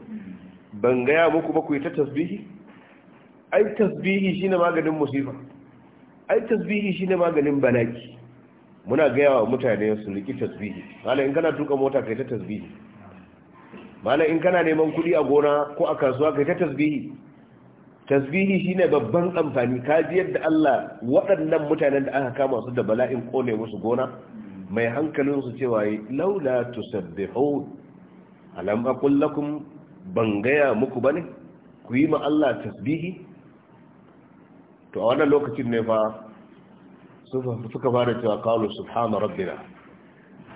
Speaker 1: ban gaya muku ba ku yi ta tasbihi ai tasbihi shine maganin musifa ai tasbihi shine maganin balaki muna gaya wa mutane su riki tasbihi malam in kana tuka mota kai ta tasbihi malam in kana neman kuɗi a gona ko a kasuwa kai ta tasbihi tasbihi shine babban amfani ka ji yadda Allah waɗannan mutanen da aka kama su da bala'in kone musu gona mai hankalin su cewa laula tusabbihu alam aqul lakum ban gaya muku bane ku yi ma Allah tasbihi to a wannan lokacin ne fa suka fara cewa kawo subhanu rabbina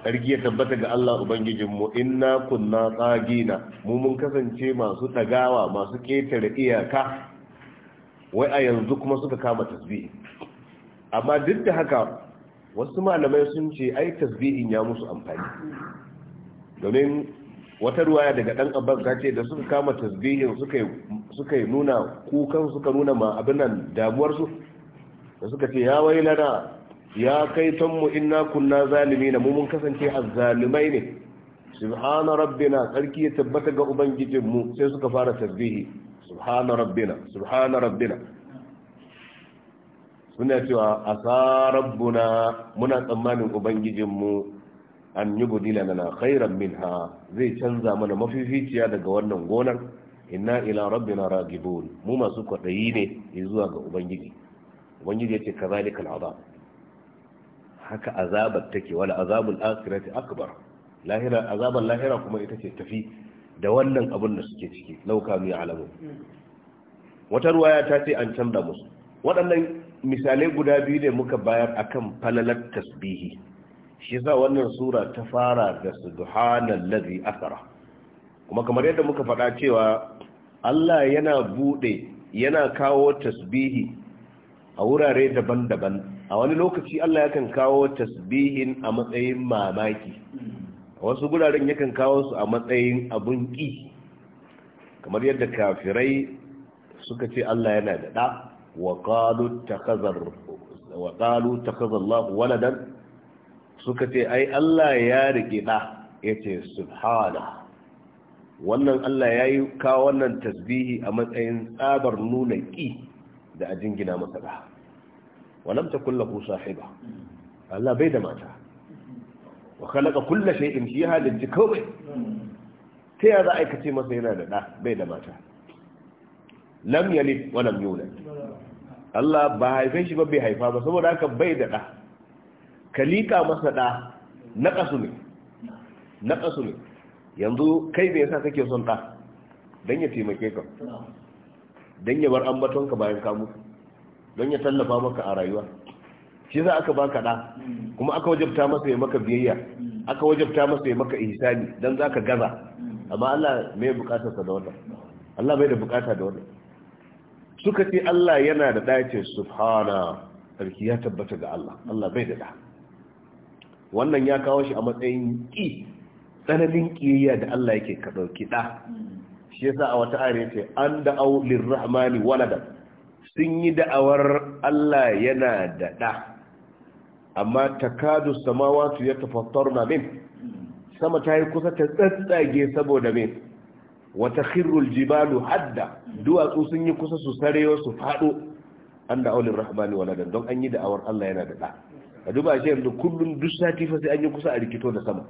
Speaker 1: sarki ya tabbata ga Allah ubangijinmu inna kunna tsagina mu mun kasance masu tagawa masu ketare iyaka wai a yanzu kuma suka kama tasbihi amma duk da haka wasu malamai sun ce ai tasbihin ya musu amfani domin wata ruwaya daga dan abbas ta ce da suka kama tasbihin suka suka nuna kukan suka nuna ma abin nan da suka ce ya lana ya kai mu inna kunna zalimi mu mun kasance zalimai ne subhana rabbina sarki ya tabbata ga ubangijinmu sai suka fara tasbihi subhana rabbina subhana rabbina suna cewa sa rabbuna muna tsammanin ubangijinmu an yi budila lana khairan minha zai canza mana mafificiya daga wannan gonar inna ila rabbina ragibun mu masu kwaɗayi ne zuwa ga ubangiji ubangiji yace kazalika azab haka azabar take wala azabul akhirati akbar lahira azabar lahira kuma ita ce tafi da wannan abun da suke ciki lauka mu alamu wata ruwaya ta ce an canza musu waɗannan misalai guda biyu ne muka bayar akan falalar tasbihi shi yasa wannan sura ta fara da subhanallazi asara kuma kamar yadda muka faɗa cewa Allah yana bude yana kawo tasbihi a wurare daban-daban a wani lokaci Allah yakan kawo tasbihin a matsayin mamaki a wasu guraren yakan kawo su a matsayin abun ƙi kamar yadda kafirai suka ce Allah yana da ɗa wa ƙalu takazar Allah waladan suka ce ai Allah ya riƙe ɗa ya ce subhana wannan Allah ya yi kawo wannan tasbihi a matsayin tsabar nuna ƙi da a jingina masa da walam ta kulla sahiba Allah bai da mata wa khalaqa kulla shay'in fi halin al kawai ta ya za a aikace masa yana da da bai da mata lam yalid wa lam yulad Allah ba haife shi ba bai haifa ba saboda haka bai da da kalika masa da naqasu ne naqasu ne yanzu kai me yasa kake son da dan ya taimake ka don ya bar ambatonka bayan kamu don ya tallafa maka a rayuwa shi za aka baka ɗa kuma aka wajabta masa ya maka biyayya aka wajabta masa ya maka ihsani don za ka gaza amma Allah mai bukatar sa da wannan Allah bai da bukata da wannan suka ce Allah yana da ɗace subhana sarki ya tabbata ga Allah Allah bai da ɗa wannan ya kawo shi a matsayin ƙi tsananin ƙiyayya da Allah yake ka ɗauki ɗa shi yasa a wata ayar yace an da'au lirrahmani walada sun yi da'awar Allah yana da da amma takadu samawati yatafattarna min sama ta yi kusa ta tsatsage saboda min wata khirrul jibalu hadda duwatsu sun yi kusa su sarewa su fado an da aulin rahmani don an yi da'awar Allah yana da da a duba shi yanzu kullum duk sati fa sai an yi kusa a rikito da sama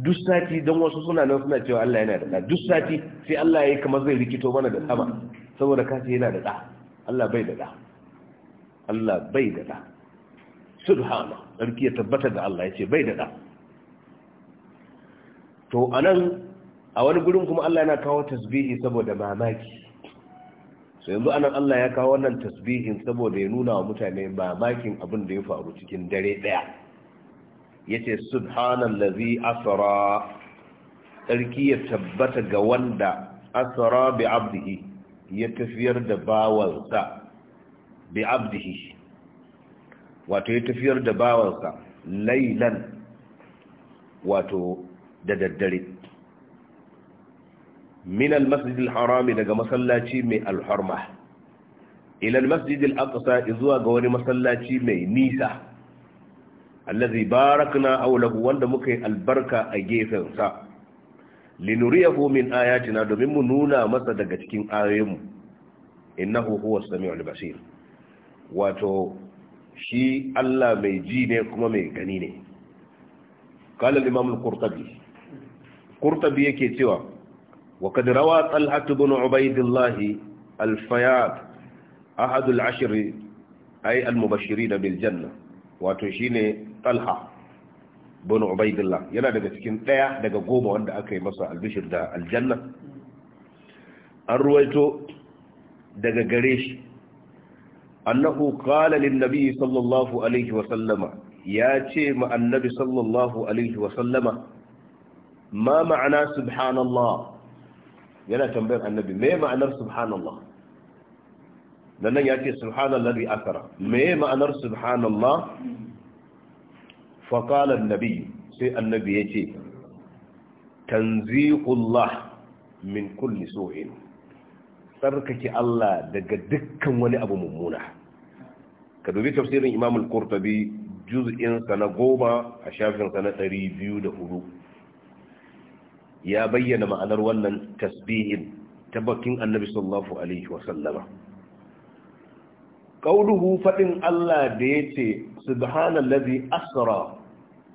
Speaker 1: duk sati don wasu suna nan suna cewa Allah yana da ɗa duk sati sai Allah ya yi kamar zai rikito mana da sama saboda kace yana da ɗa Allah bai da ɗa Allah bai da ɗa subhana sarki ya tabbata da Allah ya ce bai da ɗa to anan a wani gurin kuma Allah yana kawo tasbihi saboda mamaki so yanzu anan Allah ya kawo wannan tasbihin saboda ya nuna wa mutane mamakin abin da ya faru cikin dare ɗaya yace subhanallazi asara tsarki ya tabbata ga wanda asara bi abdihi ya tafiyar da bawansa bi abdihi wato ya tafiyar da bawansa lailan wato da daddare min al-masjid daga masallaci mai al-harma ila al-masjid zuwa ga wani masallaci mai nisa allazi barakna aulahu wanda muka yi albarka a gefensa linuriyahu min ayatina domin mu nuna masa daga cikin ayoyinmu innahu huwa samiul basir wato shi Allah mai ji ne kuma mai gani ne qala al-imam al yake cewa wa kad rawa talhat ibn ubaidillah al-fayad ahad al-ashr ay wato shine طلحة بن عبيد الله يلا دقا تكين تيا دقا قوبة وانا أكي مصر البشر دا الجنة الرويتو دقا قريش أنه قال للنبي صلى الله عليه وسلم يا تيم النبي صلى الله عليه وسلم ما معنى سبحان الله يلا yana النبي ما معنى سبحان الله nan يأتي سبحان الذي أثر ما معنى سبحان الله faƙalar nabi sai annabi ya ce tanzikullah min kulli so'in tsarkake Allah daga dukkan wani abu mummuna ka dubi tafsirin imamul kurtabi juz'insa na goma a shafinsa na ɗari biyu da hudu ya bayyana ma'anar wannan tasbihin ta bakin annabi sallallahu alaihi wasallama ƙauluhu faɗin Allah da ya ce subhanallazi asra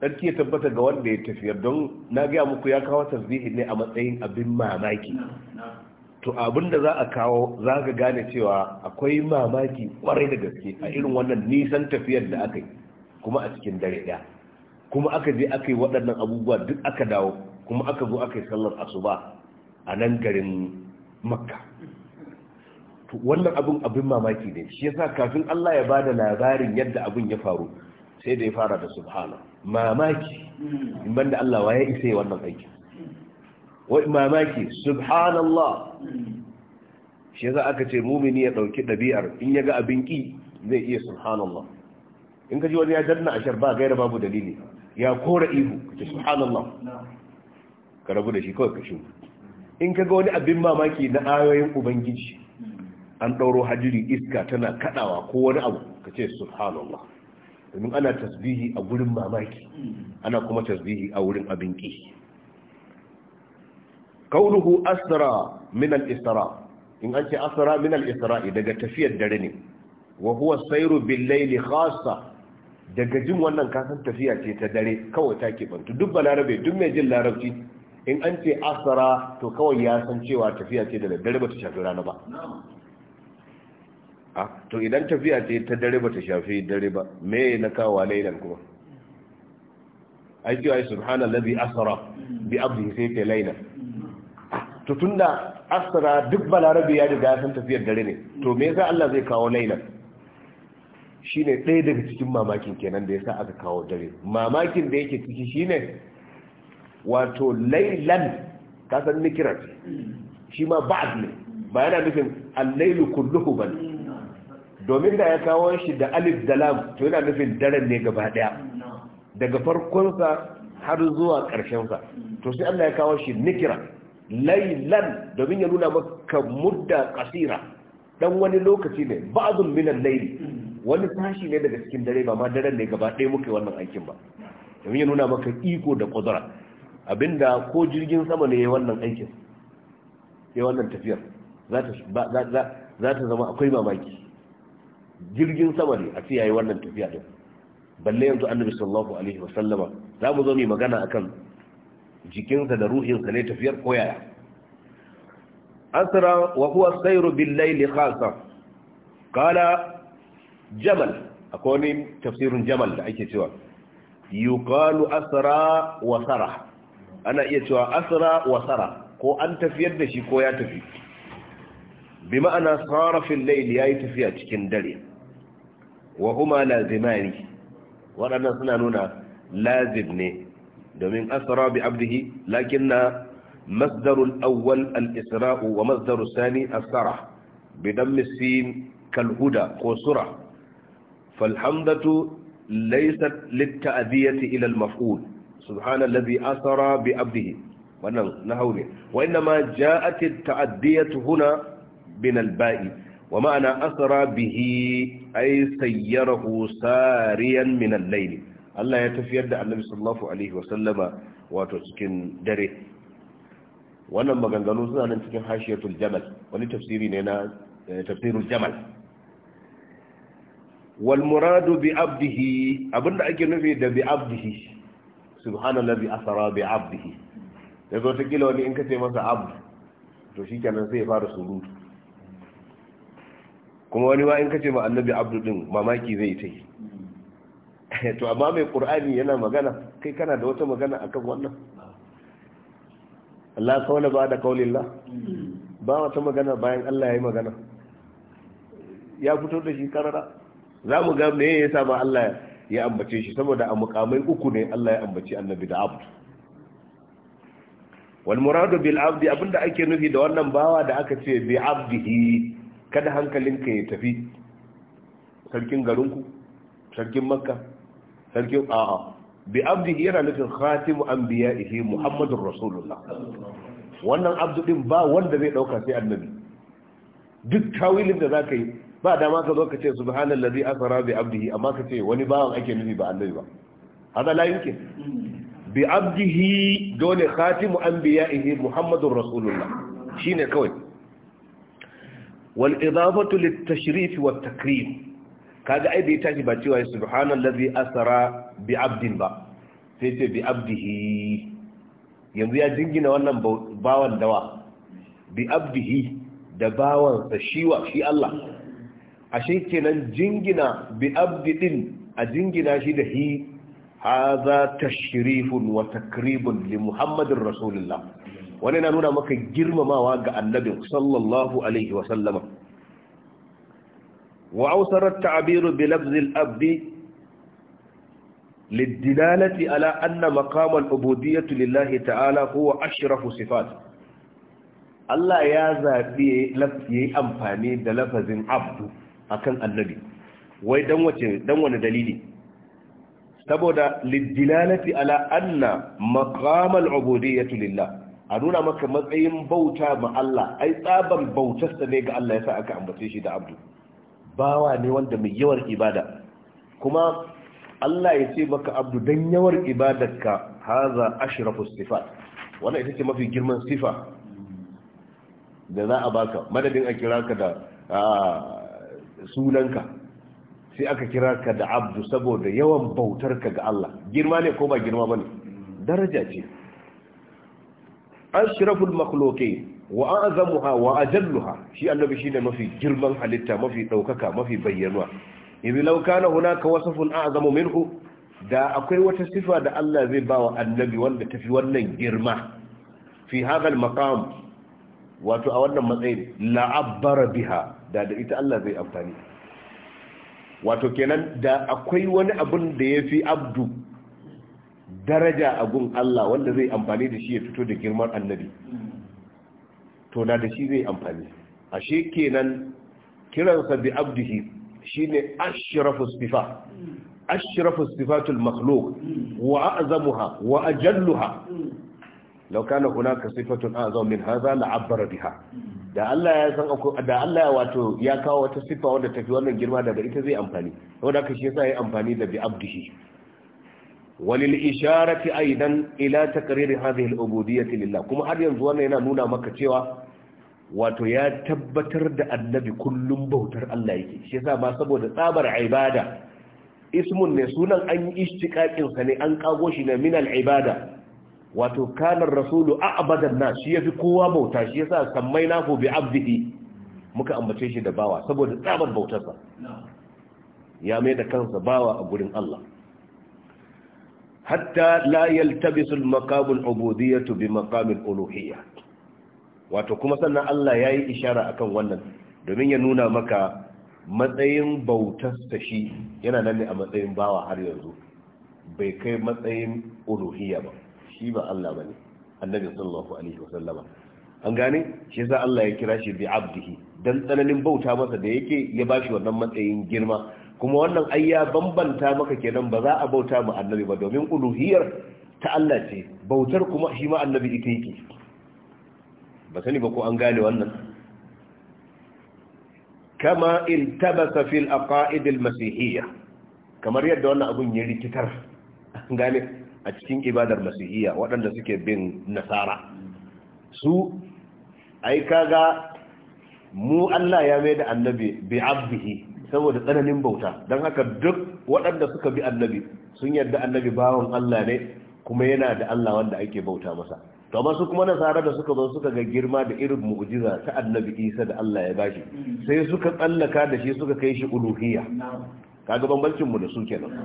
Speaker 1: sarki ya tabbata ga wanda ya tafiya don na gaya muku ya kawo tasbihi ne a matsayin abin mamaki to abin da za a kawo za ka gane cewa akwai mamaki kwarai da gaske a irin wannan nisan tafiyar da aka yi kuma a cikin dare ɗaya kuma aka je aka yi waɗannan abubuwa duk aka dawo kuma aka zo aka yi sallar asuba a nan garin makka wannan abin abin mamaki ne shi yasa kafin Allah ya bada labarin yadda abin ya faru sai da ya fara da subhana mamaki in banda Allah waye isa wannan aiki wai mamaki subhanallah shi yasa aka ce mumini ya dauki dabi'ar in yaga abin ki zai iya subhanallah in kaji wani ya danna ashar ba gaira babu dalili ya kora ihu kace subhanallah ka rabu da shi kawai ka shi in kaga wani abin mamaki na ayoyin ubangiji an dauro hadiri iska tana kadawa ko wani abu kace subhanallah domin ana tasbihi a gurin mamaki ana kuma tasbihi a wurin abin Kauruhu kauluhu asra min al-isra in an ce Asara min al-isra daga tafiyar dare ne wa huwa sayru bil layli khassa daga jin wannan kasan tafiya ce ta dare kawai ta bantu. duk balarabe duk mai jin larabci in an ce asara to kawai ya san cewa tafiya ce da dare, ba ta shafi rana ba a to idan tafiya ce ta dare ba ta shafi dare ba me na kawo lailan kuma ai cewa subhanallazi asra bi abdihi sai ta laila to tunda asra duk balarabe ya riga san tafiyar dare ne to me yasa Allah zai kawo lailan shine ɗaya daga cikin mamakin kenan da yasa aka kawo dare mamakin da yake ciki shine wato lailan ka san nikira shi ma ba'd ne ba yana nufin al-lailu kulluhu bane domin da ya kawo shi da alif da lam to yana nufin daren ne gaba daya daga farkonsa har zuwa ƙarshensa to sai Allah ya kawo shi nikira laylan domin ya nuna maka mudda kasira dan wani lokaci ne ba'dun al-layl wani tashi ne daga cikin dare ba ma daren ne gaba ɗaya muke wannan aikin ba domin ya nuna maka iko da kudura abinda ko jirgin sama ne ya wannan aikin yayin wannan tafiyar za ta zama akwai mamaki jirgin sama ne a ce wannan tafiya din balle yanzu annabi sallallahu alaihi wa sallama za mu zo mu magana akan jikinsa da ruhinsa ne tafiyar koyaya asra wa huwa sayru bil layli khasa qala jamal akwai wani tafsirin jamal da ake cewa yuqalu asra wa sara ana iya cewa asra wa sara ko an tafiyar da shi ko ya tafi bi ma'ana sara fil layli yayi tafiya cikin dare وهما لازمان وانا سنا نونا لازم ني دومين اسرى بعبده لكن مصدر الاول الاسراء ومصدر الثاني السرع بدم السين كالهدى قصرة فالحمدة ليست للتأذية إلى المفعول سبحان الذي أثر بأبده ونهوني وإنما جاءت التأذية هنا من البائد ومعنى أسرى به أي سيره ساريا من الليل الله يتفيد على النبي صلى الله عليه وسلم وتسكن دره ونما قنقلوزنا ننتكن حاشية الجمل ولتفسيرين هنا آه، تفسير الجمل والمراد بعبده أبن أكي نفيد بعبده سبحان الذي أسرى بعبده يقول تكيلوني إنك تيمس عبد تشيك أن سيفار سلوك kuma wani ma in kace ma annabi abdu din mamaki zai ta yi <laughs> to amma mai qur'ani yana magana kai kana da wata magana akan wannan Allah kawai ba da kaulillah ba wata magana bayan Allah ya yi magana ya fito da shi karara za mu ga me yasa ma Allah ya ambace shi saboda a mukamai uku ne Allah ya ambace annabi da abdu wal muradu bil abdi abinda ake nufi da wannan bawa da aka ce bi abdihi kada hankalinka ya tafi sarkin garinku sarkin makka sarkin a'a bi abdi yana nufin khatimu anbiya'ihi muhammadur rasulullah wannan abdu din ba wanda zai dauka sai annabi duk tawilin da za ka yi ba dama ka zo ka ce subhanallazi asra bi abdihi amma ka ce wani bawan ake nufi ba annabi ba hada la yake bi abdihi dole khatimu anbiya'ihi muhammadur rasulullah shine kawai wal idafatu lit tashrif takrim kaga ai da ya tashi ba cewa subhanallazi asara bi abdin ba sai ce bi abdihi yanzu ya jingina wannan bawan dawa bi abdihi da bawan shi Allah ashe kenan jingina bi din a jingina shi da hi haza tashrifun wa takribun li muhammadin rasulullah wani na nuna maka girmamawa ga annabin sallallahu alaihi wa sallama wa ausarar ta'abiru bi labzil abdi للدلالة على أن مقام العبودية لله تعالى هو أشرف ya zaɓi يا زابي لفي أمفاني دلفز عبد annabi. Wai ويدن wani dalili. saboda liddilalati ala anna maqamal ubudiyyati a nuna maka matsayin bauta ma Allah ai tsaban bautarsa ne ga Allah yasa aka ambace shi da abdu bawa ne wanda mai yawar ibada kuma Allah ya ce maka abdu dan yawar ka haza ashrafu sifat wannan ita ce mafi girman sifa da za a baka madadin a kira ka da sunanka sai aka kira ka da abdu saboda yawan bautarka ga Allah girma ne ko ba girma bane daraja ce ashraful makhluqin wa azamuha wa ajalluha shi annabi shine mafi girman halitta mafi ɗaukaka, mafi bayyanuwa idh law kana hunaka wasfun a'zamu minhu da akwai wata sifa da Allah zai bawa annabi wanda tafi wannan girma fi hadha al-maqam wato a wannan matsayin la'abbara biha da da ita Allah zai amfani wato kenan da akwai wani abun da ya fi abdu daraja a gun Allah wanda zai amfani da shi ya fito da girman annabi to na da shi zai amfani ashe kenan kiransa bi abdihi shine ashrafu sifa ashrafu sifatul makhluq wa a'zamuha wa ajalluha law kana hunaka sifatun a'zam min hadha la'abbara biha da Allah ya san da Allah ya wato ya kawo wata sifa wanda tafi wannan girma daga ita zai amfani saboda haka shi yasa ya amfani da bi abdihi وللإشارة أيضا إلى تقرير هذه العبودية لله كما yanzu ينظرنا yana nuna maka cewa wato ya tabbatar da annabi kullum bautar Allah yake shi yasa ba saboda tsabar ibada ismun ne sunan an yi ishtiqaqin sa ne an kago shi ne min al ibada wato kana rasulu a'badan nas shi yafi kowa bauta shi yasa na ku bi abdihi muka ambace shi da bawa saboda tsabar bautarsa ya mai da kansa bawa a gurin Allah hatta la yaltabisu al-maqamul ubudiyyah bi maqamil uluhiyyah wato kuma sannan Allah yayi ishara akan wannan domin ya nuna maka matsayin bautarsa shi yana nan ne a matsayin bawa har yanzu bai kai matsayin uluhiyya ba shi ba Allah bane annabi sallallahu alaihi wasallama an gane shi yasa Allah ya kira shi bi abdihi dan tsananin bauta masa da yake ya bashi wannan matsayin girma kuma wannan ai ya bambanta maka kenan ba za a bauta mu annabi ba domin uluhiyar ta Allah ce bautar kuma shi ma annabi ita yake ba sani ba ko an gane wannan kama iltabasa fil aqaid al masihiyya kamar yadda wannan abun ya rikitar gane a cikin ibadar masihiyya waɗanda suke bin nasara su ai kaga mu Allah ya mai da annabi bi abdihi saboda tsananin bauta don haka duk waɗanda suka bi annabi sun yarda annabi bawan Allah ne kuma yana da Allah wanda ake bauta masa to amma su kuma nasara da suka zo suka ga girma da irin mu'ujiza ta annabi Isa da Allah ya bashi sai suka tsallaka da shi suka kai shi uluhiyya kaga bambancin mu da su kenan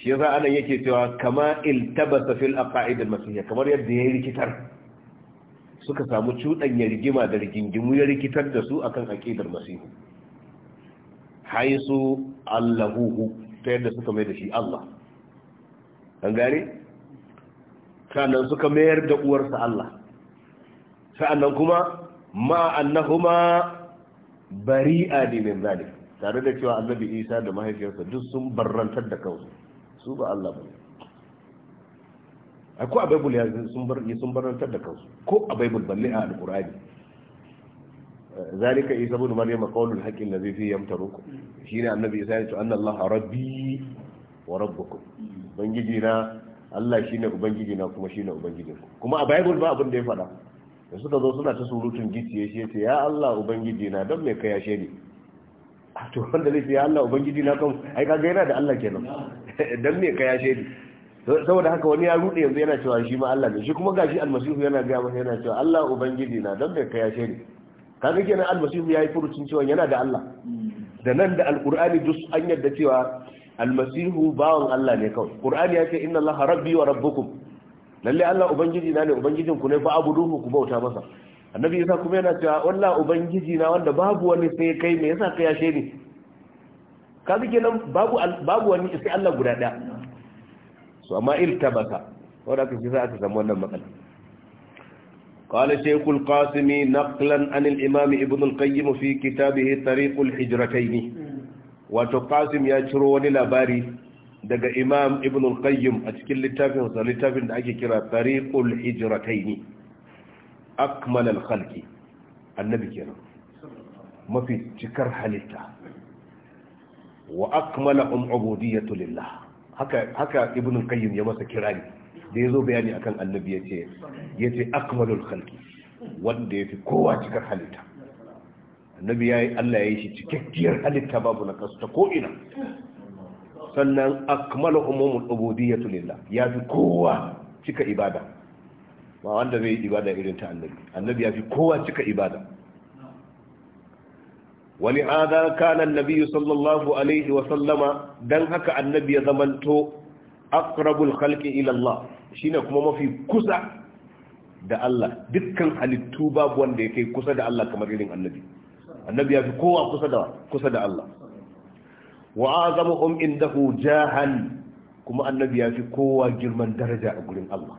Speaker 1: shi yasa anan yake cewa kama iltabasa fil aqaid al masihiyya kamar yadda yayi rikitar suka samu cuɗanya rigima da rigingimu ya rikitar da su akan aqidar masihu haisu allahuhu ta yadda suka mai da shi Allah an gane sannan suka mayar da uwarsa Allah sa'annan kuma ma annahuma bari'a ne min zane tare da cewa annabi Isa da mahaifiyarsa duk sun barrantar da kawo su ba Allah ba ko a baibul ya sun barantar barrantar da kansu ko a baibul balle a alqur'ani zalika isa ibn maryam qawlul haqqi allazi fi yamtaruku shine annabi isa ya ce anna allah rabbi wa rabbukum ubangiji na allah shine ubangiji na kuma shine ubangijin kuma a bible ba abin da ya faɗa da suka zo suna ta surutun gicciye shi yace ya allah ubangiji na don me kaya she ni to wanda zai ce ya allah ubangiji na kan ai kaga yana da allah kenan <laughs> don me ka yashe ni. saboda haka wani ya rude yanzu yana cewa shi ma allah ne shi kuma gashi almasihu yana ga masa yana cewa allah ubangiji na don me ka yashe ni.' kaga kenan almasihu yayi furucin cewa yana da Allah da nan da alqur'ani duk an yadda cewa almasihu bawan Allah ne kawai qur'ani yake inna allaha rabbi wa rabbukum lalle Allah ubangiji na ne ubangijin ku ne fa abuduhu ku bauta masa annabi yasa kuma yana cewa wallah ubangiji na wanda babu wani sai kai me yasa ka ya ni kaga kenan babu babu wani sai Allah guda daya so amma iltabaka wanda aka ji aka samu wannan matsala قال شيخ القاسم نقلا عن الإمام ابن القيم في كتابه طريق الحجرتين وتقاسم يشرون لباري daga imam ibn al a cikin littafinsa littafin da ake kira tariqul hijratayn akmal al-khalqi annabi kenan mafi cikar halitta wa akmalahum ubudiyatu lillah haka haka ibn ya masa kirani da ya zo bayani akan annabi ya ce ya ce akmalul halki, wanda ya fi kowa cikar halitta annabi ya yi allah ya yi shi cikakkiyar halitta babu na kasu ta ko'ina sannan akmala umumul ubudiyatu lillah ya fi kowa cika ibada ba wanda bai ibada irin ta annabi annabi ya fi kowa cika ibada wani hada kana annabi sallallahu alaihi wa sallama dan haka annabi ya zamanto aqrabul halki ila Allah shine kuma mafi kusa da Allah dukkan halittu babu wanda ya kai kusa da Allah kamar irin annabi annabi ya fi kowa kusa da kusa da Allah wa azamuhum indahu jahan kuma annabi ya fi kowa girman daraja a gurin Allah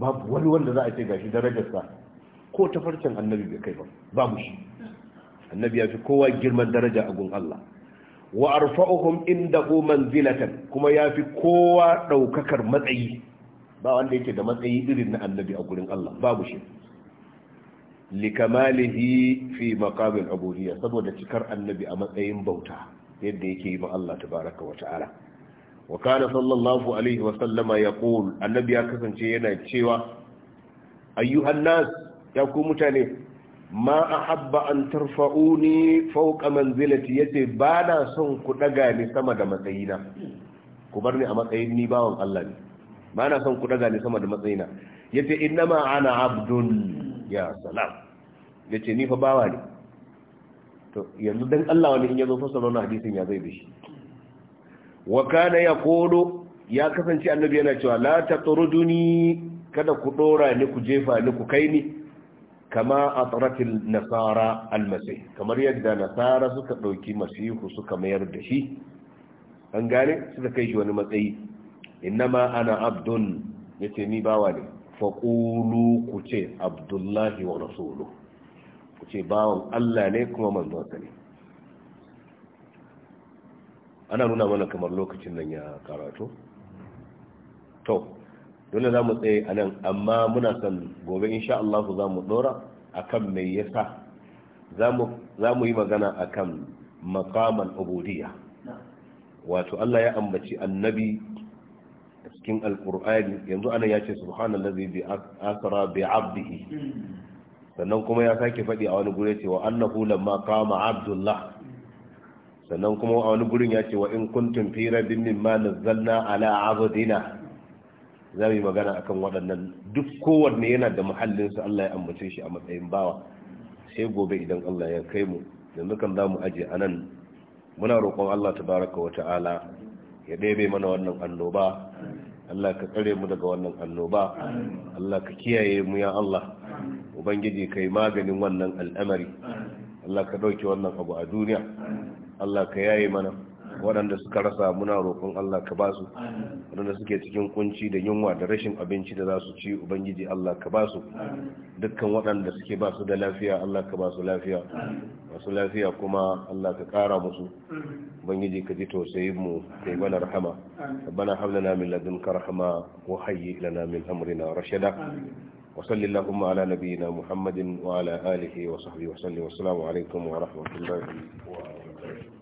Speaker 1: babu wani wanda za a ce gashi darajarsa ko ta farcen annabi bai kai ba babu shi annabi ya fi kowa girman daraja a gurin Allah wa arfa'uhum indahu manzilatan kuma ya fi kowa daukakar matsayi ba wanda yake da matsayi irin na annabi a gurin Allah babu shi likamalihi fi maqamil ubudiyya saboda cikar annabi a matsayin bauta yadda yake yi ma Allah tabaraka wa ta'ala wa kana sallallahu alaihi wa sallama yaqul annabi ya kasance yana cewa ayyuhan nas ya ku mutane ma ahabba an tarfa'uni fawqa manzilati yace bana son ku daga ni sama da matsayina ku bar a matsayin ni bawan Allah ne ba na son ku daga ne sama da matsayina Ya yace innama ana abdun ya salam ya ni fa bawa ne to yanzu don Allah wani in yazo zo wannan hadisun ya zai da shi wa ya kodo ya kasance annabi yana cewa la duni kada ku dora ni ku jefa ni ku kai ni kama a tsaratin nasara almasai. kamar yadda nasara suka ɗauki masihu suka mayar da shi an gane suka kai shi wani matsayi innama ana abdun ce ni bawa ne faƙulu ku ce abdullahi wa rasulu ku ce bawan Allah ne kuma manzonsa ne ana nuna mana kamar lokacin nan ya karatu to dole za mu tsaye a nan amma muna son gobe insha Allah za mu dora akan mai yasa za mu yi magana akan makaman ubudiyya wato Allah ya ambaci annabi cikin alkur'ani yanzu ana ya ce subhanallazi bi asra bi abdihi sannan kuma ya sake faɗi a wani gure cewa annahu lamma kama abdullah sannan kuma a wani gurin ya ce wa in kuntum fi rabbin mimma nazzalna ala abdina za magana akan waɗannan duk kowanne yana da muhallin sa Allah ya ambace shi a matsayin bawa sai gobe idan Allah ya kai mu yanzu kan za aje anan muna roƙon Allah tabaraka wa ta'ala ya ɗebe mana wannan annoba Allah ka tsare mu daga wannan annoba Allah ka kiyaye mu ya Allah ubangiji kai maganin wannan al'amari Allah ka ɗauke wannan abu a duniya Allah ka yaye mana waɗanda suka rasa muna roƙon Allah ka ba su waɗanda suke cikin kunci da yunwa da rashin abinci da za su ci ubangiji Allah ka ba su dukkan waɗanda suke ba su da lafiya Allah ka ba su lafiya masu lafiya kuma Allah ka ƙara musu ubangiji ka ji tausayin mu kai bana rahama bana hab lana min ka rahama wa hayyi lana min amrina rashada muhammadin اللهم على نبينا محمد وعلى آله وصحبه وسلم والسلام عليكم ورحمة الله وبركاته